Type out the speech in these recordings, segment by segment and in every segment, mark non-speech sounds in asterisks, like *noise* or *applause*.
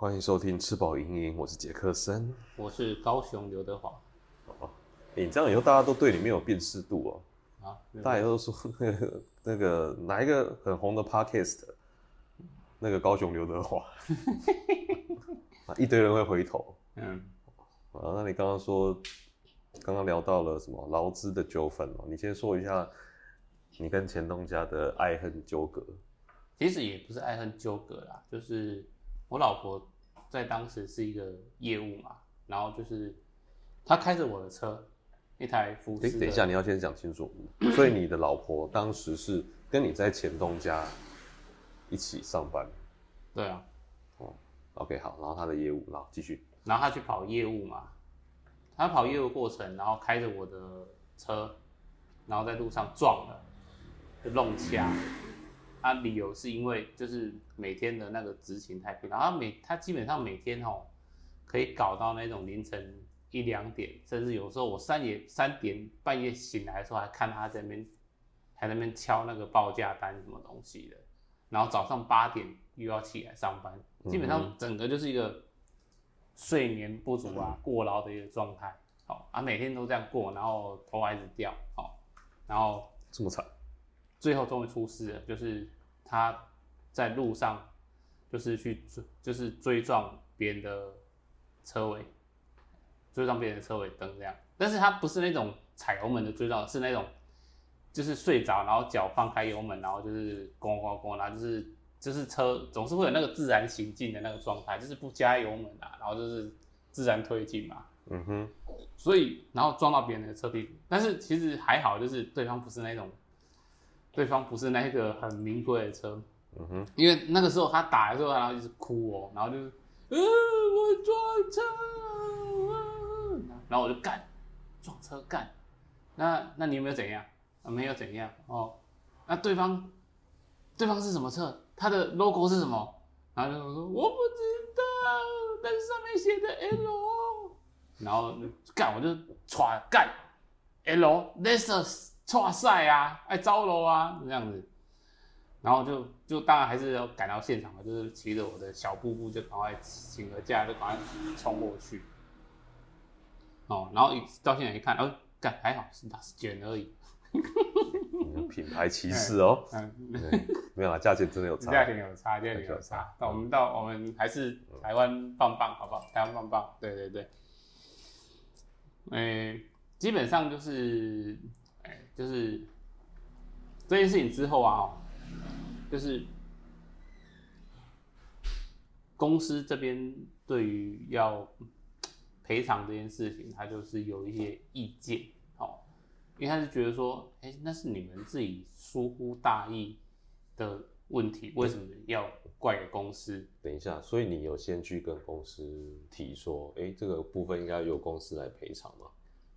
歡迎收聽吃飽盈盈，我是傑克森，我是高雄劉德華。哦、喔欸，你這樣以後大家都對你沒有辨識度哦、喔。啊，大家都說呵呵那個哪一個很紅的 podcast，那個高雄劉德華、 *laughs* 啊，一堆人會回頭。嗯，啊、喔，那你剛剛說，剛剛聊到了什麼勞資的糾紛哦？你先說一下你跟前東家的愛恨糾葛。其實也不是愛恨糾葛啦，就是。我老婆在當時是一個業務嘛，然後就是她開着我的車，一台福斯。等一下，你要先講清楚。所以你的老婆當時是跟你在前東家一起上班。 *coughs* 對啊。哦，OK，好。然後她的業務，繼續然後繼續。然後她去跑業務嘛，她跑業務過程，然後開着我的車，然後在路上撞了，就弄車。嗯他、啊、理由是因為就是每天的那個出勤太拼，然後他每他基本上每天哦可以搞到那種凌晨一兩點，甚至有時候我三夜三點半夜醒來的時候還看他在那邊在那邊敲那個報價單什麼東西的，然後早上八點又要起來上班，嗯、哼基本上整個就是一個睡眠不足啊、嗯、過勞的一個狀態。好、喔，啊每天都這樣過，然後頭還是掉。好、喔，然後這麼慘。最後終於出事了，就是他在路上，就是去追，就是追撞別人的車尾，追撞別人的車尾燈這樣。但是他不是那種踩油門的追撞，是那種就是睡着，然後腳放開油門，然後就是咣咣咣然後就是就是車總是會有那個自然行進的那個狀態，就是不加油門啊，然後就是自然推進嘛。嗯哼。所以然後撞到別人的車屁股，但是其實還好，就是對方不是那種。對方不是那個很名貴的車，嗯哼，因為那個時候他打的時候，然後一直哭哦、喔，然後就是，呃，我撞車、啊啊，然後我就幹，撞車幹，那那你有沒有怎樣？啊、沒有怎樣哦、喔，那對方對方是什麼車？他的 logo 是什麼？然後就說我不知道，但是上面寫的 L，、喔、 *laughs* 然後幹我就唰幹，L Lexus。哇塞啊，哎、啊，糟了啊這樣子，然後就就當然還是要趕到現場嘛，就是騎着我的小布布，就趕快請個假，就趕快衝過去。哦、喔，然後一到現場一看，哦、喔，幹還好，是卷而已。 *laughs* 品牌歧視哦、喔，沒有啊，價、嗯嗯嗯、錢真的有差，價錢有差，價錢有差。那、嗯、我們到我們還是台灣棒棒，好不好？台灣棒棒，對對對。哎、欸，基本上就是。就是這件事情之後啊，就是公司這邊對於要賠償這件事情，他就是有一些意見，哦，因為他是覺得說，哎、欸，那是你們自己疏忽大意的問題，為什麼要怪公司？等一下，所以你有先去跟公司提說，哎、欸，這個部分應該由公司來賠償嗎？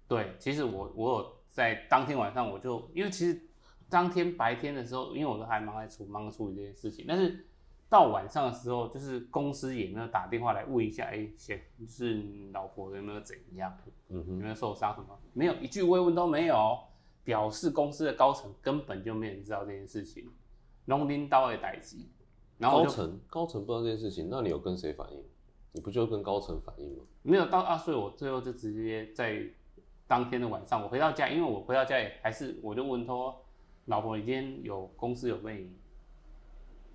對，其實我我有。在當天晚上，我就因為其實當天白天的時候，因為我都還忙在處，忙在處理這件事情。但是到晚上的時候，就是公司也沒有打電話來問一下、欸，哎、嗯哼，是老婆有沒有怎樣，有沒有受傷什麼？沒有一句慰問都沒有、哦，表示公司的高層根本就沒人知道這件事情，然後拎刀也代級。高層高層不知道這件事情，那你有跟誰反映？你不就跟高層反應嗎？沒有到二十歲，啊、所以我最後就直接在。當天的晚上，我回到家，因為我回到家也還是我就問他說，老婆，你今天有公司有被，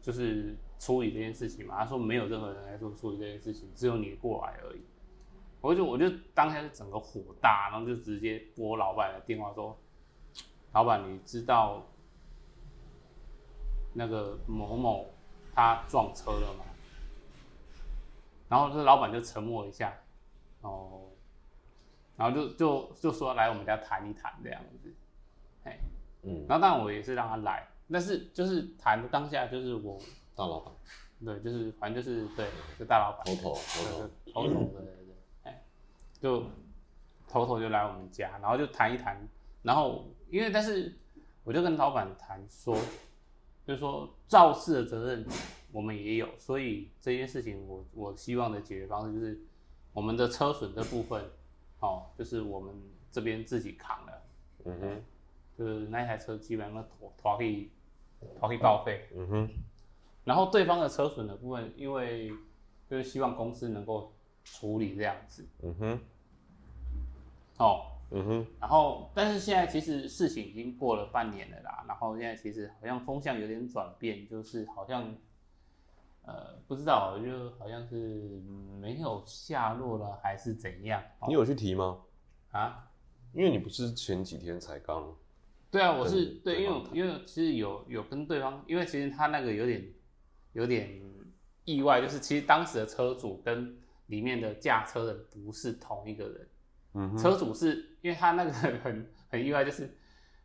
就是處理這件事情嘛？他說沒有任何人來說處理這件事情，只有你過來而已。我就我就當下就整個火大，然後就直接撥老闆的電話說，老闆，你知道那個某某他撞車了嗎？然後這老闆就沉默一下，哦。然後就就就說，來我們家談一談這樣子，哎，嗯，然後當然我也是讓他來，但是就是談的當下就是我大老板對、就是就是，對，就是反正就是對，就大老板頭頭頭頭頭頭的，哎、嗯，就頭頭就來我們家，然後就談一談，然後因為但是我就跟老板談說，就是說肇事的責任我們也有，所以這件事情我我希望的解決方式就是我們的車損這部分。哦，就是我們這邊自己扛了，嗯哼，就是那一台車基本上都拖去，拖去報廢，嗯哼，然後對方的車損的部分，因為就是希望公司能夠處理這樣子，嗯哼，哦，嗯哼，然後但是現在其實事情已經過了半年了啦，然後現在其實好像風向有點轉變，就是好像。呃，不知道，就好像是沒有下落了，還是怎樣？你有去提嗎？啊？因為你不是前幾天才剛？對啊，我是，對，因為我因為我其實有有跟對方，因為其實他那個有點有點意外，就是其實當時的車主跟裡面的駕車人不是同一個人。嗯哼。車主是因為他那個很很意外，就是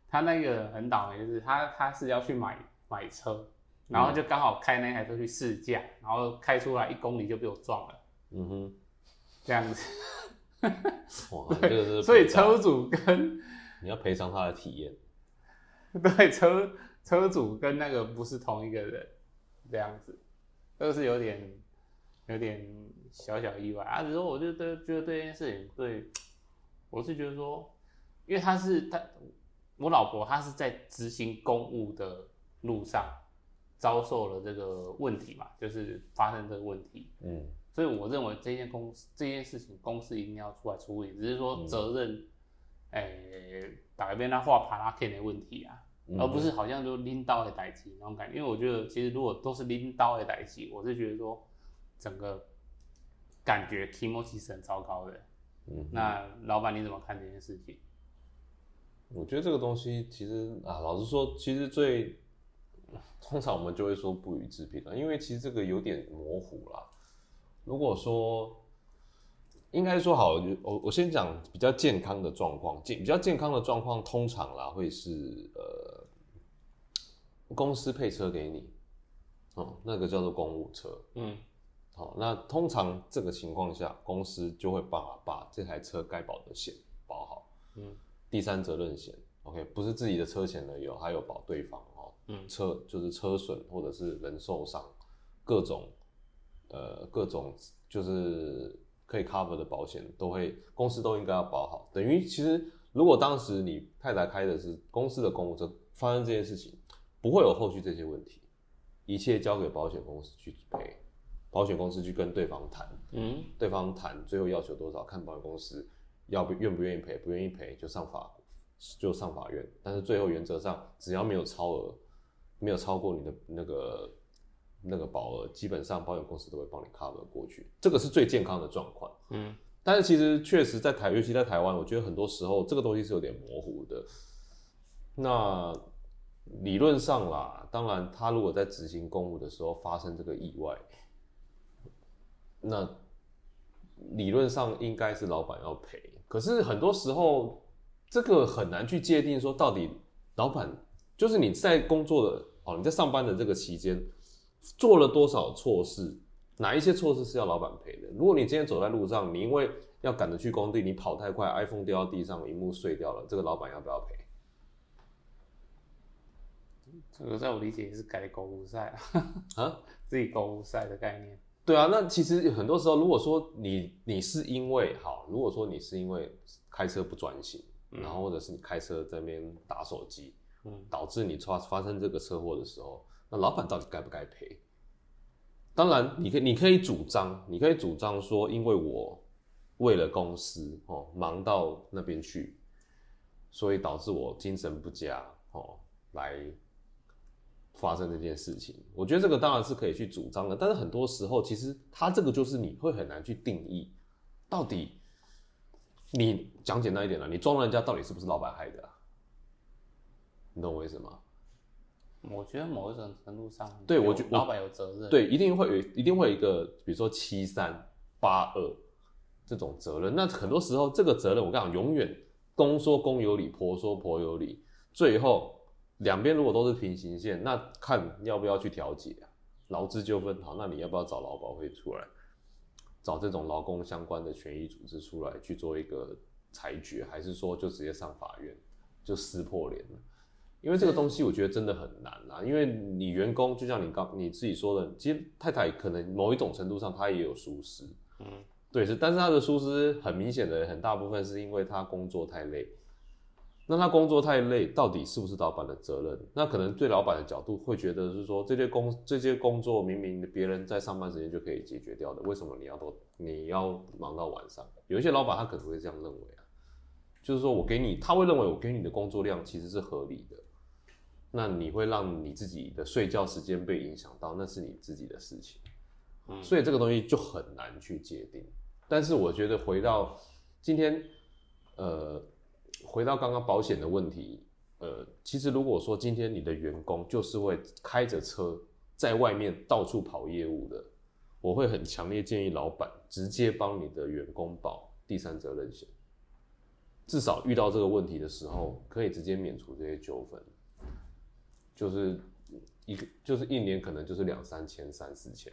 他那個很倒霉，就是他他是要去買買車。然後就剛好開那台車去試駕，然後開出來一公里就被我撞了。嗯哼，這樣子， *laughs* 對哇對，所以車主跟你要賠償他的體驗。對，車車主跟那個不是同一個人，這樣子，這個是有點有點小小意外啊。只是我就覺得覺得這件事情，對我是覺得說，因為他是他我老婆，她是在執行公務的路上。遭受了這個問題嘛，就是發生這個問題，嗯，所以我認為這件公這件事情公司一定要出來處理，只是說責任，嗯、誒，打個比方，他畫卡拉 K 的問題啊，嗯、哼而不是好像就拎刀來代替那種感覺，因為我覺得其實如果都是拎刀來代替，我是覺得說整個感覺 teamwork 是很糟糕的，嗯哼，那老闆你怎麼看這件事情？我覺得這個東西其實啊，老實說，其實最。通常我們就會說不予置評了，因為其實這個有點模糊了。如果說，應該說好，我我先講比較健康的狀況，健比較健康的狀況通常啦會是呃，公司配車給你，哦、嗯，那個叫做公務車，嗯，好、嗯，那通常這個情況下，公司就會把把這台車該保的險保好，嗯，第三責任險，OK，不是自己的車險呢有，還有保對方。車就是車損或者是人受傷，各種，呃，各種就是可以 cover 的保險都會，公司都應該要保好。等於其實，如果當時你太太開的是公司的公務車，發生這件事情，不會有後續這些問題，一切交給保險公司去賠，保險公司去跟對方談，嗯，對方談最後要求多少，看保險公司要不願不願意賠，不願意賠就上法就上法院，但是最後原則上只要沒有超額。沒有超過你的那個那個保額，基本上保險公司都會幫你 cover 過去，這個是最健康的狀況。嗯，但是其實確實在台，尤其在台灣，我覺得很多時候這個東西是有點模糊的。那理論上啦，當然他如果在執行公務的時候發生這個意外，那理論上應該是老闆要賠。可是很多時候這個很難去界定說到底老闆，就是你在工作的。哦，你在上班的這個期間做了多少錯事？哪一些錯事是要老板賠的？如果你今天走在路上，你因為要趕着去工地，你跑太快，iPhone 掉到地上，螢幕碎掉了，這個老板要不要賠？這個在我理解也是改工務塞啊，自己高務塞的概念。對啊，那其實很多時候，如果說你你是因為好，如果說你是因為開車不專心，嗯、然後或者是你開車在那邊打手機，導致你出發生這個車禍的時候，那老闆到底該不該賠？當然，你可你可以主張，你可以主張說，因為我為了公司哦，忙到那邊去，所以導致我精神不佳哦，來發生這件事情。我覺得這個當然是可以去主張的，但是很多時候其實他這個就是你會很難去定義，到底你講簡單一點了，你撞人家到底是不是老闆害的，啊？你懂我意思嗎？我覺得某一種程度上，對，我覺老闆有責任對，對，一定會有，一定會有一個，比如說七三八二這種責任。那很多時候，這個責任我跟你講，永遠公說公有理，婆說婆有理。最後兩邊如果都是平行線，那看要不要去調解啊？勞資糾紛好，那你要不要找勞保會出來，找這種勞工相關的權益組織出來去做一個裁決，還是說就直接上法院，就撕破臉了？因為這個東西，我覺得真的很難啦。因為你員工，就像你剛你自己說的，其實太太可能某一種程度上，她也有疏失，嗯，對，是，但是她的疏失很明顯的很大部分是因為她工作太累。那她工作太累，到底是不是老闆的責任？那可能對老闆的角度會覺得是說，這些工這些工作明明別人在上班時間就可以解決掉的，為什麼你要都你要忙到晚上？有一些老闆他可能會這樣認為啊，就是說我給你，他會認為我給你的工作量其實是合理的。那你會讓你自己的睡覺時間被影響到，那是你自己的事情，所以這個東西就很難去界定。但是我覺得回到今天，呃，回到剛剛保險的問題，呃，其實如果說今天你的員工就是會開着車在外面到處跑業務的，我會很強烈建議老闆直接幫你的員工保第三責任險，至少遇到這個問題的時候可以直接免除這些糾紛。就是一個就是一年，可能就是兩三千、三四千，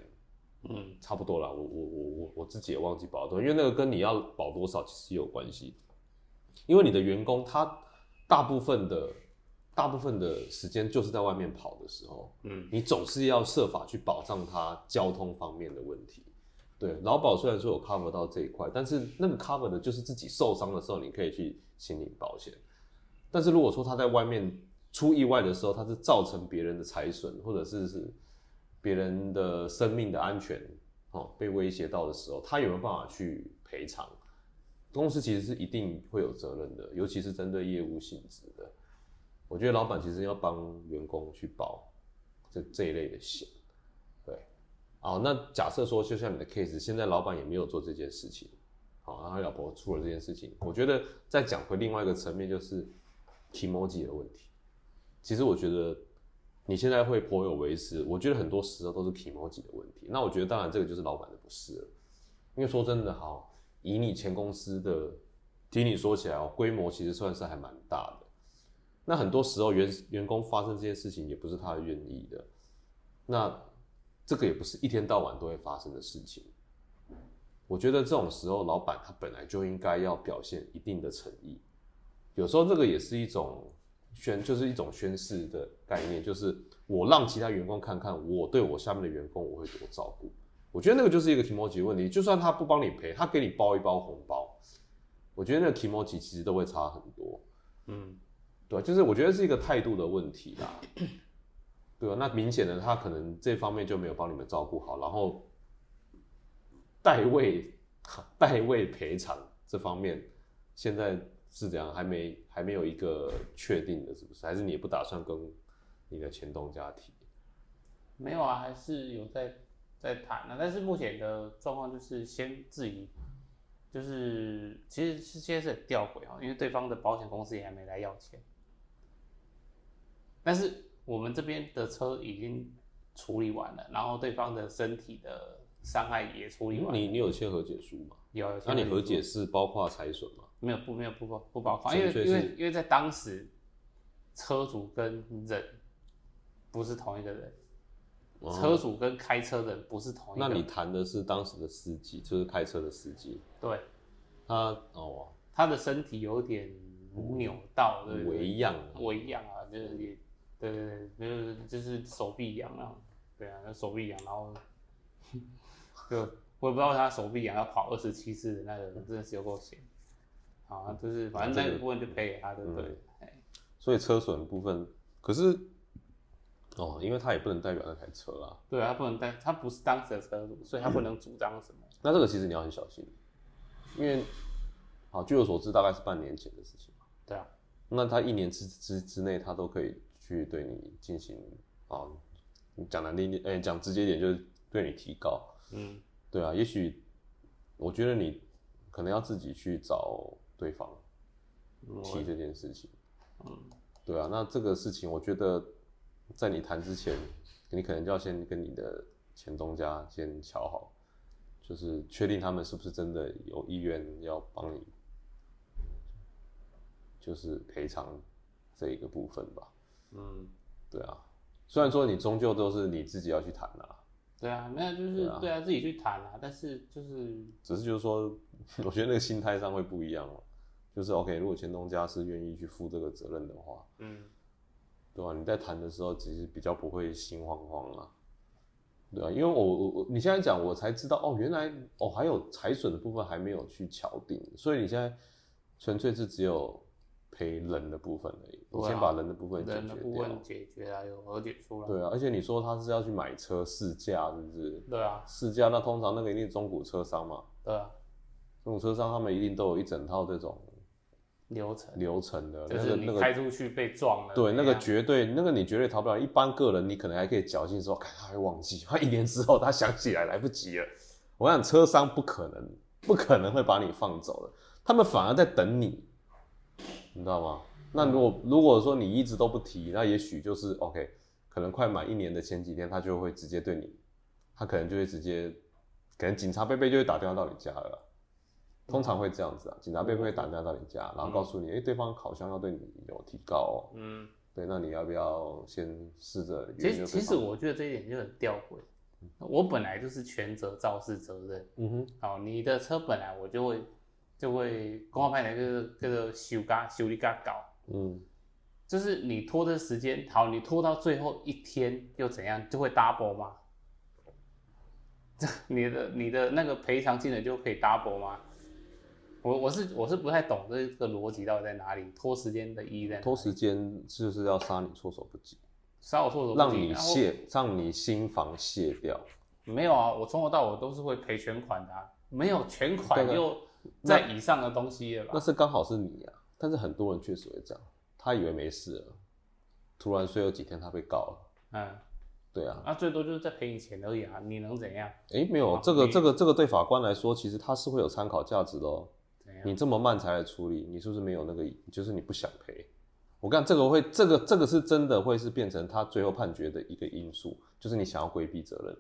嗯，差不多啦，我我我我我自己也忘記保多少，因為那個跟你要保多少其實有關係。因為你的員工他大部分的大部分的時間就是在外面跑的時候，嗯，你總是要設法去保障他交通方面的問題。對，勞保雖然說有 cover 到這一塊，但是那個 cover 的就是自己受傷的時候你可以去申請保險。但是如果說他在外面，出意外的時候，他是造成別人的財損，或者是是別人的生命的安全哦被威脅到的時候，他有沒有辦法去賠償？公司其實是一定會有責任的，尤其是針對業務性質的。我覺得老板其實要幫員工去保這這一類的險，對，好、哦。那假設說就像你的 case，現在老板也沒有做這件事情，好、哦，然後老婆出了這件事情，我覺得再講回另外一個層面，就是提 m o 的問題。其實我覺得你現在會頗有微詞，我覺得很多時候都是 teamwork 的問題。那我覺得當然這個就是老闆的不是了，因為說真的哈，以你前公司的聽你說起來哦，規模其實算是還蠻大的。那很多時候員員工發生這件事情也不是他願意的，那這個也不是一天到晚都會發生的事情。我覺得這種時候老闆他本來就應該要表現一定的誠意，有時候這個也是一種。宣就是一種宣示的概念，就是我讓其他員工看看我對我下面的員工我會怎麼照顧。我覺得那個就是一個提摩吉的問題，就算他不幫你賠，他給你包一包紅包，我覺得那個提摩吉其實都會差很多。嗯，對，就是我覺得是一個態度的問題啦。 *coughs* 對，那明顯的他可能這方面就沒有幫你們照顧好，然後代位代位賠償這方面現在。是這樣，還沒還沒有一個確定的，是不是？還是你也不打算跟你的前東家提？沒有啊，還是有在在談呢、啊。但是目前的狀況就是先質疑，就是其實現在是很吊詭啊，因為對方的保險公司也還沒來要錢。但是我們這邊的車已經處理完了，然後對方的身體的傷害也處理完了你。你你有簽和解書嗎？有。那、啊、你和解是包括財損嗎？沒有，沒有不沒有不包不包括。因為確因為因為在當時，車主跟人不是同一個人，哦、車主跟開車的人不是同一個人。那你談的是當時的司機，就是開車的司機。對，他哦、啊，他的身體有點扭到，對不對？我一樣，我一樣啊，就是也對對對，就是就是手臂癢啊，對啊，手臂癢，然後就我也不知道他手臂癢要跑二十七次的那個真的是有夠閒。好、哦，就是反正這個部分就賠給他，嗯、對不對？哎、嗯，所以車損部分，可是哦，因為他也不能代表那台車啦。對啊，它不能代，他不是當時的車主，所以他不能主張什麼、嗯。那這個其實你要很小心，因為好，據我所知，大概是半年前的事情嘛。對啊。那他一年之之之內，他都可以去對你進行哦，講難聽點，哎，講直接一點，接一點就是對你提告。嗯。對啊，也許我覺得你可能要自己去找。對方提這件事情，嗯，對啊，那這個事情，我覺得在你談之前，你可能就要先跟你的前東家先喬好，就是確定他們是不是真的有意願要幫你，就是賠償這一個部分吧。嗯，對啊，雖然說你終究都是你自己要去談啊。對啊，那就是對啊，對啊自己去談啊，但是就是，只是就是說，我覺得那個心態上會不一樣哦、啊。就是 OK，如果前東家是願意去負這個責任的話，嗯，對吧、啊？你在談的時候其實比較不會心慌慌啦、啊，對吧、啊？因為我我我你現在講我才知道哦，原來哦還有財損的部分還沒有去敲定，所以你現在純粹是只有賠人的部分而已。啊、你先把人的部分解決人的部分解決、啊、和解了，有解出說對啊，而且你說他是要去買車試駕，是不是？對啊，試駕那通常那個一定是中古車商嘛，對啊，中古車商他們一定都有一整套這種。流程流程的，程的，就是那個，開出去被撞了。對，那個絕對，那個你絕對逃不了。一般個人你可能還可以僥倖說，哎，他還忘記，他一年之後他想起來來不及了。我想車商不可能，不可能會把你放走的，他們反而在等你，你知道嗎？那如果如果說你一直都不提，那也許就是 OK，可能快滿一年的前幾天，他就會直接對你，他可能就會直接，可能警察伯伯就會打電話到你家了。通常會這樣子啊，警察會會打電話到你家，然後告訴你，哎、嗯欸，對方考箱要對你有提告，哦，嗯，對，那你要不要先試着？其實，其實我覺得這一點就很吊詭。嗯，我本來就是全責肇事責任。嗯哼。好，你的車本來我就會就會公安派來個個修嘎修理嘎搞。嗯。就是你拖的時間好，你拖到最後一天又怎樣，就會 double 嗎？這 *laughs* 你的你的那個賠償金額就可以 double 嗎？我我是我是不太懂這個邏輯到底在哪裡？拖時間的意義在哪裡？拖時間就是要殺你措手不及，殺我措手不及，讓你卸、啊、讓你新房卸掉。沒有啊，我從頭到尾都是會賠全款的、啊，沒有全款又在以上的東西的。那是剛好是你呀、啊，但是很多人確實會這樣，他以為沒事了，突然說有幾天，他被告了。嗯、啊，對啊。那、啊、最多就是再賠你錢而已啊，你能怎樣？哎、欸，沒有這個、啊、這個你這個對法官來說，其實他是會有參考價值的、喔。哦。你這麼慢才來處理，你是不是沒有那個？就是你不想賠？我看這個會，這個這個是真的會是變成他最後判決的一個因素，就是你想要規避責任。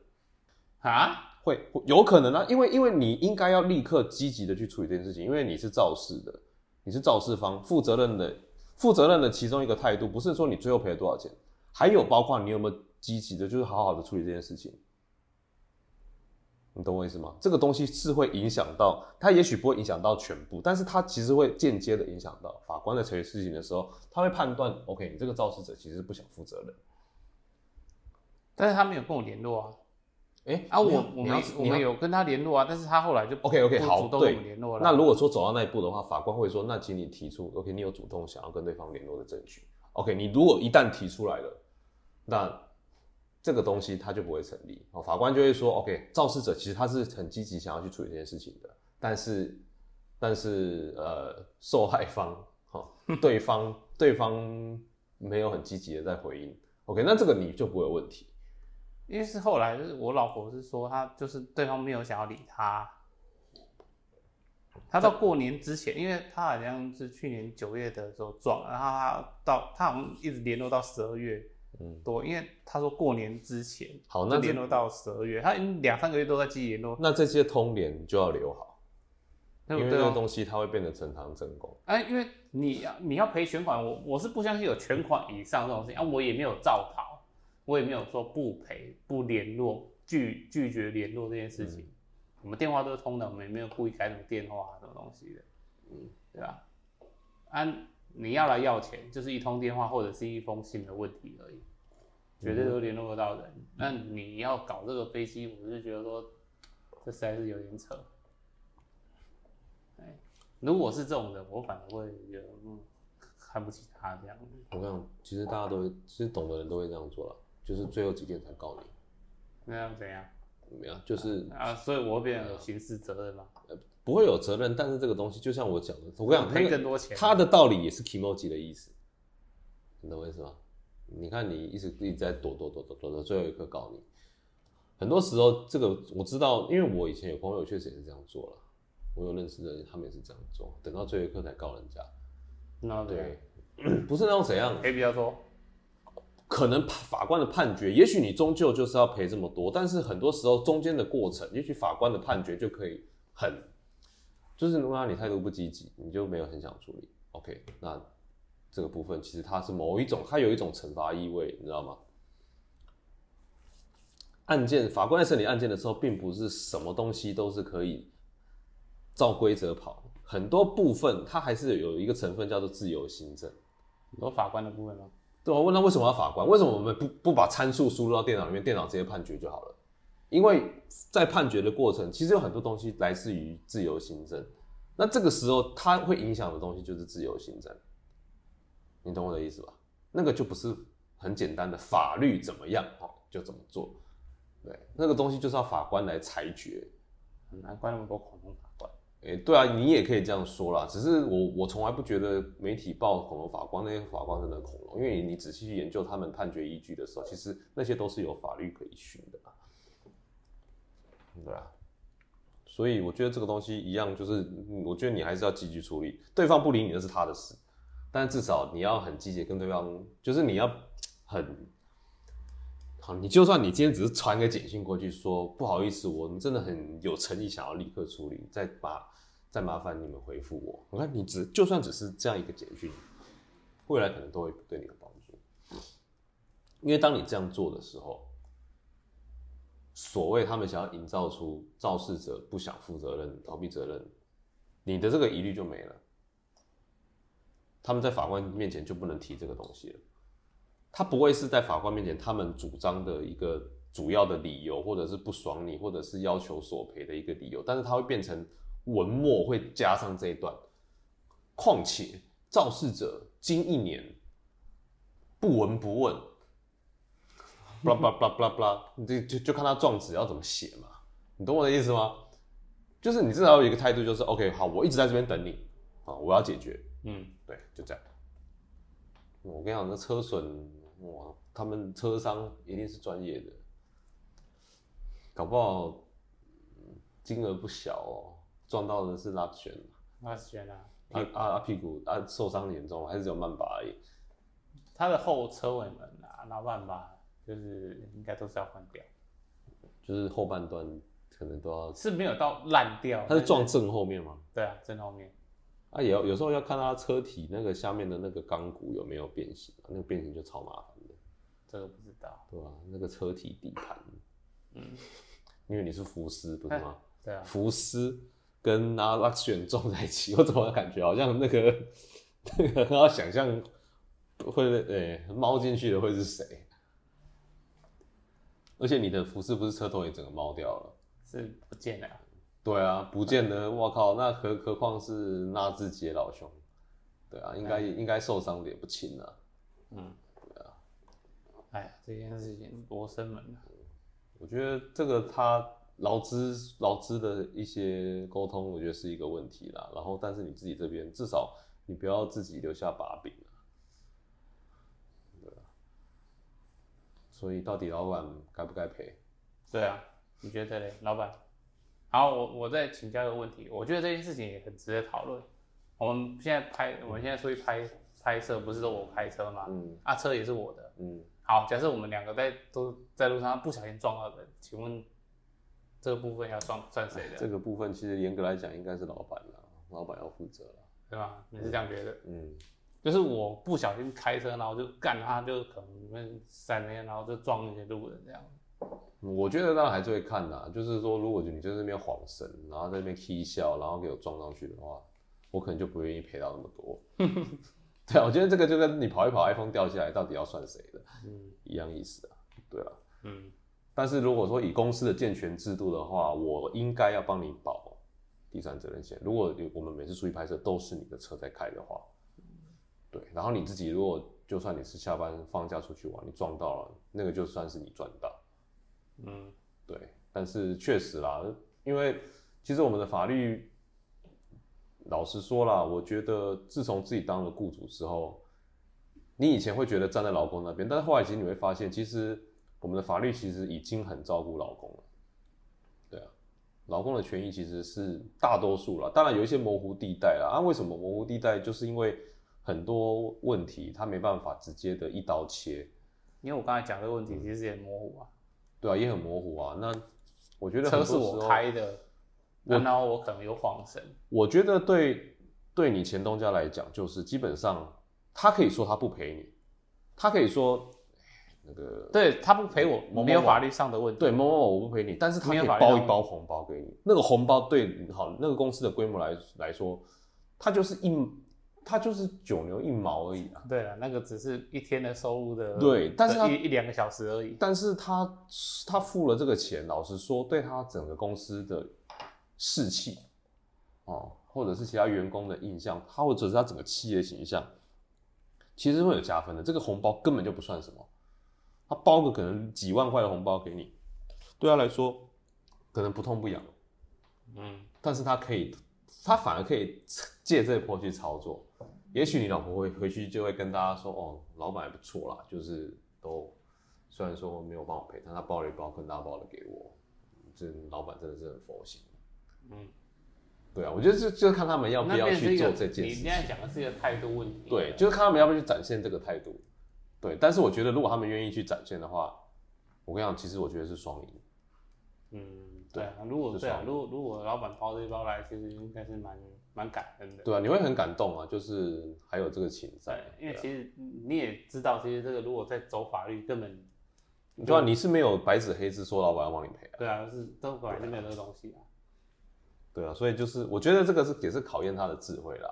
啊？會，有可能啊？因為因為你應該要立刻積極的去處理這件事情，因為你是肇事的，你是肇事方，負責任的，負責任的其中一個態度，不是說你最後賠了多少錢，還有包括你有沒有積極的，就是好好的處理這件事情。你懂我意思嗎？這個東西是會影響到，它也許不會影響到全部，但是它其實會間接的影響到法官在處理事情的時候，他會判斷，OK，你這個肇事者其實不想負責任。但是他沒有跟我聯絡啊，哎、欸，啊，我，你要，我們我們有，你要，有跟他聯絡啊？但是他後來就不 OK OK 不主動我聯好，對，聯絡了。那如果說走到那一步的話，法官會說，那請你提出，OK，你有主動想要跟對方聯絡的證據，OK，你如果一旦提出來了，那。這個東西他就不會成立哦、喔，法官就會說，OK，肇事者其實他是很積極想要去處理這件事情的，但是，但是呃，受害方哈，喔、 *laughs* 對方對方沒有很積極的在回應，OK，那這個你就不會有問題。因為是後來就是我老婆是說，她就是對方沒有想要理她，她到過年之前，因為她好像是去年九月的的時候撞，然後她到她好像一直聯絡到十二月。嗯、對，因為他說過年之前好，聯絡到十二月，他兩三個月都在積極聯絡。那這些通聯就要留好，嗯、因為這種東西它會變得呈堂證供。哎、啊，因為你要你要賠全款，我我是不相信有全款以上這種事情啊，我也沒有落跑。我也沒有說不賠、不聯絡、拒拒絕聯絡這件事情。嗯、我們電話都是通的，我們也沒有故意改什麼電話什麼東西的，嗯，對吧？啊，你要來要錢，就是一通電話或者是一封信的問題而已。絕對都聯絡不到人，嗯、那你要搞這個飛機，我就覺得說，這實在是有點扯。如果是這種人，我反而會覺得、嗯、看不起他這樣子我講，其實大家都會其實懂的人都會這樣做了，就是最後幾天才告你。那要怎樣？怎麼樣？就是啊、呃呃，所以我變成有刑事責任嗎？呃，不會有責任，但是這個東西就像我講的，我想賠更多錢，他的道理也是 Kimochi 的意思，你懂我意思嗎？你看，你一直一直在躲躲躲躲躲躲，最後一刻告你。很多時候，這個我知道，因為我以前有朋友確實也是這樣做了，我有認識的人，他們也是這樣做，等到最後一刻才告人家。那對，對，不是那種怎樣？A、欸、比較多，可能法官的判決，也許你終究就是要賠這麼多。但是很多時候，中間的過程，也許法官的判決就可以很，就是如果你態度不積極，你就沒有很想處理。OK，那。這個部分其實它是某一種，它有一種懲罰意味，你知道嗎？案件法官在審理案件的時候，並不是什麼東西都是可以照規則跑，很多部分它還是有一個成分叫做自由行政。有法官的部分嗎？對啊，我問他為什麼要法官？為什麼我們不不把參數輸入到電腦裡面，電腦直接判決就好了？因為在判決的過程，其實有很多東西來自於自由行政。那這個時候它會影響的東西就是自由行政。你懂我的意思吧？那個就不是很簡單的法律怎麼樣哦，就怎麼做。對，那個東西就是要法官來裁決。很難怪那麼多恐龍法官、欸。對啊，你也可以這樣說啦。只是我我從來不覺得媒體報恐龍法官那些法官真的恐龍，因為你仔細去研究他們判決依據的時候，嗯、其實那些都是有法律可以循的。對啊。所以我覺得這個東西一樣，就是我覺得你還是要積極處理，對方不理你那是他的事。但至少你要很積極跟對方，就是你要很好。你就算你今天只是傳個簡訊過去說，說不好意思，我們真的很有誠意想要立刻處理，再把再麻煩你們回復我。我看你只就算只是這樣一個簡訊，未來可能都會對你有幫助，因為當你這樣做的時候，所謂他們想要營造出肇事者不想負責任、逃避責任，你的這個疑慮就沒了。他們在法官面前就不能提這個東西了，他不會是在法官面前他們主張的一個主要的理由，或者是不爽你，或者是要求索賠的一個理由，但是他會變成文末會加上這一段。況且肇事者今一年不聞不問，blah blah blah blah blah，你這就就看他狀紙要怎麼寫嘛，你懂我的意思嗎？就是你至少有一個態度，就是 OK 好，我一直在這邊等你，啊，我要解決，嗯，對。我跟你講，那車損哇，他們車商一定是專業的，搞不好金額不小哦，喔。撞到的是拉爾拉爾選啊，啊，啊，啊，屁股啊受傷嚴重，還是有有曼巴而已。他的後車尾門啊，那曼巴就是應該都是要換掉，就是後半段可能都要是沒有到爛掉，他是撞正後面嗎？對對對。對啊，正後面。啊，有有時候要看它車體那個下面的那個鋼骨有沒有變形，那個變形就超麻煩的。這個不知道，對吧、啊？那個車體底盤，嗯，因為你是福斯，不是嗎？啊對啊，福斯跟拉拉選中在一起，我怎麼感覺好像那個那個很好想象會誒貓進去的會是誰？而且你的福斯不是車頭也整個貓掉了，是不見了。對啊，不見得。我靠，那何何況是納智捷老兄？對啊，應該、哎、呀應該受傷的也不輕了。嗯，啊。對啊，哎呀，這件事情羅生門啊！我覺得這個他勞資勞資的一些溝通，我覺得是一個問題啦。然後，但是你自己這邊至少你不要自己留下把柄了，啊。對啊。所以，到底老板該不該賠？對啊，你覺得呢，老板？然後我我再請教一個問題，我覺得這件事情也很值得討論。我們現在拍，我們現在出去拍、嗯、拍攝，不是說我開車嗎？嗯，啊車也是我的，嗯。好，假設我們兩個在都在路上不小心撞到人，請問這個部分要算算誰的？這個部分其實嚴格來講應該是老闆啦，老闆要負責啦，對吧？你是這樣覺得？嗯，嗯就是我不小心開車，然後就幹他就可能閃人，然後就撞那些路人這樣我覺得當然還是會看的啊，就是說，如果你在那邊晃神，然後在那邊 K 笑，然後給我撞上去的話，我可能就不願意賠到那麼多。 *laughs* 對啊，我覺得這個就跟你跑一跑 iPhone 掉下來，到底要算誰的，嗯，一樣意思啊。對啊，嗯。但是如果說以公司的健全制度的話，我應該要幫你保第三責任險。如果我們每次出去拍攝都是你的車在開的話，對，然後你自己如果就算你是下班放假出去玩，你撞到了，那個就算是你賺到。嗯，對，但是確實啦，因為其實我們的法律，老實說啦，我覺得自從自己當了雇主之後，你以前會覺得站在勞工那邊，但是後來其實你會發現，其實我們的法律其實已經很照顧勞工了。對啊，勞工的權益其實是大多數了，當然有一些模糊地帶啦。啊，為什麼模糊地帶？就是因為很多問題他沒辦法直接的一刀切。因為我剛才講這個問題其實也很模糊啊。嗯對啊，也很模糊啊。那我覺得車是我開的，我然後我可能又晃神。我覺得對，對你前東家來講，就是基本上他可以說他不賠你，他可以說那個，對，他不賠我，沒有法律上的問題。對，某某我不賠你，但是他可以包一包紅包給你。那個紅包，對，好，那個公司的規模來來說，它就是一。他就是九牛一毛而已啊！對啊，那個只是一天的收入的，對一，但是他一兩個小時而已。但是他他付了這個錢，老實說，對他整個公司的士氣，哦，或者是其他員工的印象，他或者是他整個企業的形象，其實會有加分的。這個紅包根本就不算什麼，他包個可能幾萬塊的紅包給你，對他來說可能不痛不癢，嗯，但是他可以，他反而可以借這波去操作。也許你老婆會回去就會跟大家說：“哦，老闆還不錯啦，就是都雖然說沒有幫我賠，但他包了一包跟大包的給我，這老闆真的是很佛心。”嗯，對啊，我覺得就就看他們要不要去做這件事情。你現在講的是一個態度問題，對，就是看他們要不要去展現這個態度。對，但是我覺得如果他們願意去展現的話，我跟你講，其實我覺得是雙贏。嗯，對。如果、嗯、對啊，如果、啊、如果如果老闆包這一包來，其實應該是蠻。蠻感恩的，對啊，你會很感動啊，對就是還有這個情在。對，對啊、因為其實你也知道，其實這個如果在走法律，根本對啊，你是沒有白紙黑字說老闆要幫你賠、啊。對啊，是都還是沒有這東西啊，啊。對啊，所以就是我覺得這個是也是考驗他的智慧啦。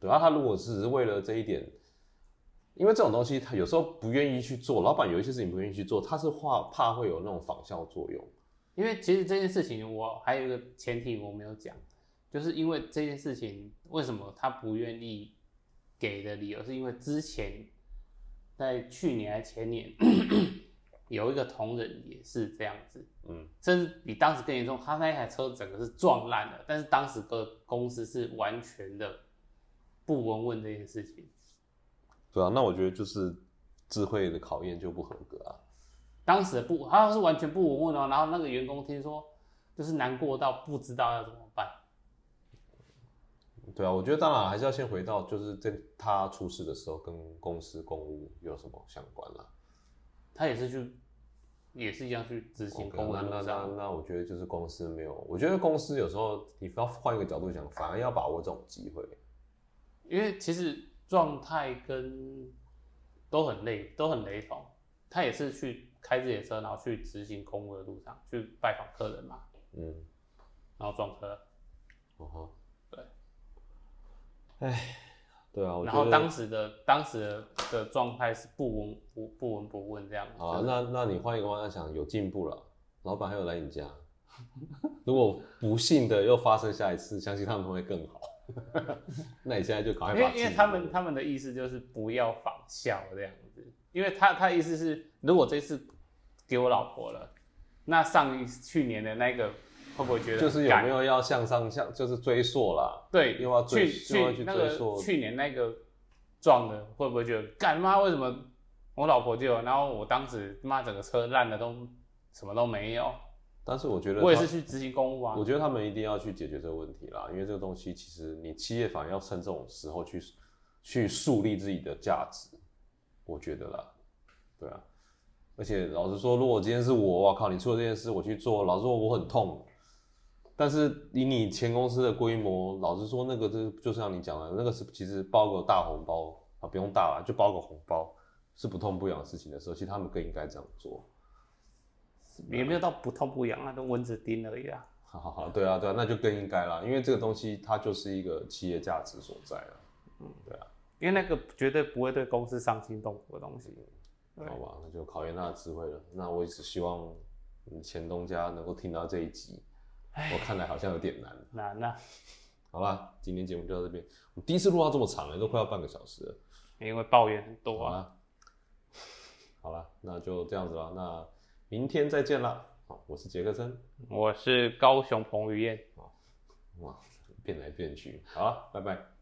對啊，他如果只是為了這一點，因為這種東西他有時候不願意去做，老闆有一些事情不願意去做，他是怕怕會有那種仿效作用。因為其實這件事情，我還有一個前提我沒有講。就是因為這件事情，為什麼他不願意給的理由，是因為之前在去年還前年， *coughs* 有一個同仁也是這樣子，嗯，甚至比當時更嚴重，他那台車整個是撞爛了，但是當時的公司是完全的不聞問這件事情。對啊，那我覺得就是智慧的考驗就不合格啊。當時的不，他要是完全不聞問哦，然後那個員工聽說，就是難過到不知道要怎麼辦。對啊，我覺得當然還是要先回到，就是在他出事的時候跟公司公務有什麼相關了，啊，他也是去，也是一樣去執行公務的路上，哦那那那。那我覺得就是公司沒有，我覺得公司有時候你不要換一個角度講，反而要把握這種機會，因為其實狀態跟都很累都很雷同。他也是去開自己的車，然後去執行公務的路上去拜訪客人嘛，嗯，然後撞車，哦，uh huh. 哎，對啊，我覺得，然後當時的當時的的狀態是不聞不不聞不問這樣，啊，這樣子。啊，那那你換一個方向想，有進步了，老闆還有來你家。 *laughs* 如果不幸的又發生下一次，相信他們會更好。 *laughs* *laughs* *laughs* 那你現在就搞一搞。因為他們 *laughs* 他們的意思就是不要仿效這樣子，因為他他意思是，如果這次給我老婆了，那上一去年的那個。會不會覺得就是有沒有要向上向，就是追溯啦？對，又要去去那個去年那個撞的。會不會覺得幹媽，為什麼我老婆就，然後我當時罵整個車爛的都什麼都沒有？但是我覺得我也是去執行公務啊。我覺得他們一定要去解決這個問題啦，因為這個東西其實你企業反而要趁這種時候去去樹立自己的價值，我覺得啦，對啊。而且老實說，如果今天是我，我靠你出了這件事，我去做，老實說我很痛。但是以你前公司的規模，老實說，那個就就像你講的那個是其實包個大紅包啊，不用大了，就包個紅包，是不痛不癢的事情的時候，其實他們更應該這樣做，也沒有到不痛不癢啊，跟蚊子叮了一樣。哈，哈哈哈，對啊，對啊，那就更應該了，因為這個東西它就是一個企業價值所在了。嗯，對啊，因為那個絕對不會對公司傷筋動骨的東西。對好吧。那就考驗他的智慧了。那我也是希望你前東家能夠聽到這一集。 *laughs* 我看來好像有點難，難啊哪！好啦，今天節目就到這邊。我第一次錄到這麼長了，欸，都快要半個小時了。因為抱怨很多啊。好了，那就這樣子吧。那明天再見啦。好，我是杰克森，我是高雄彭於晏。好，哇，變來變去。好啦， *laughs* 拜拜。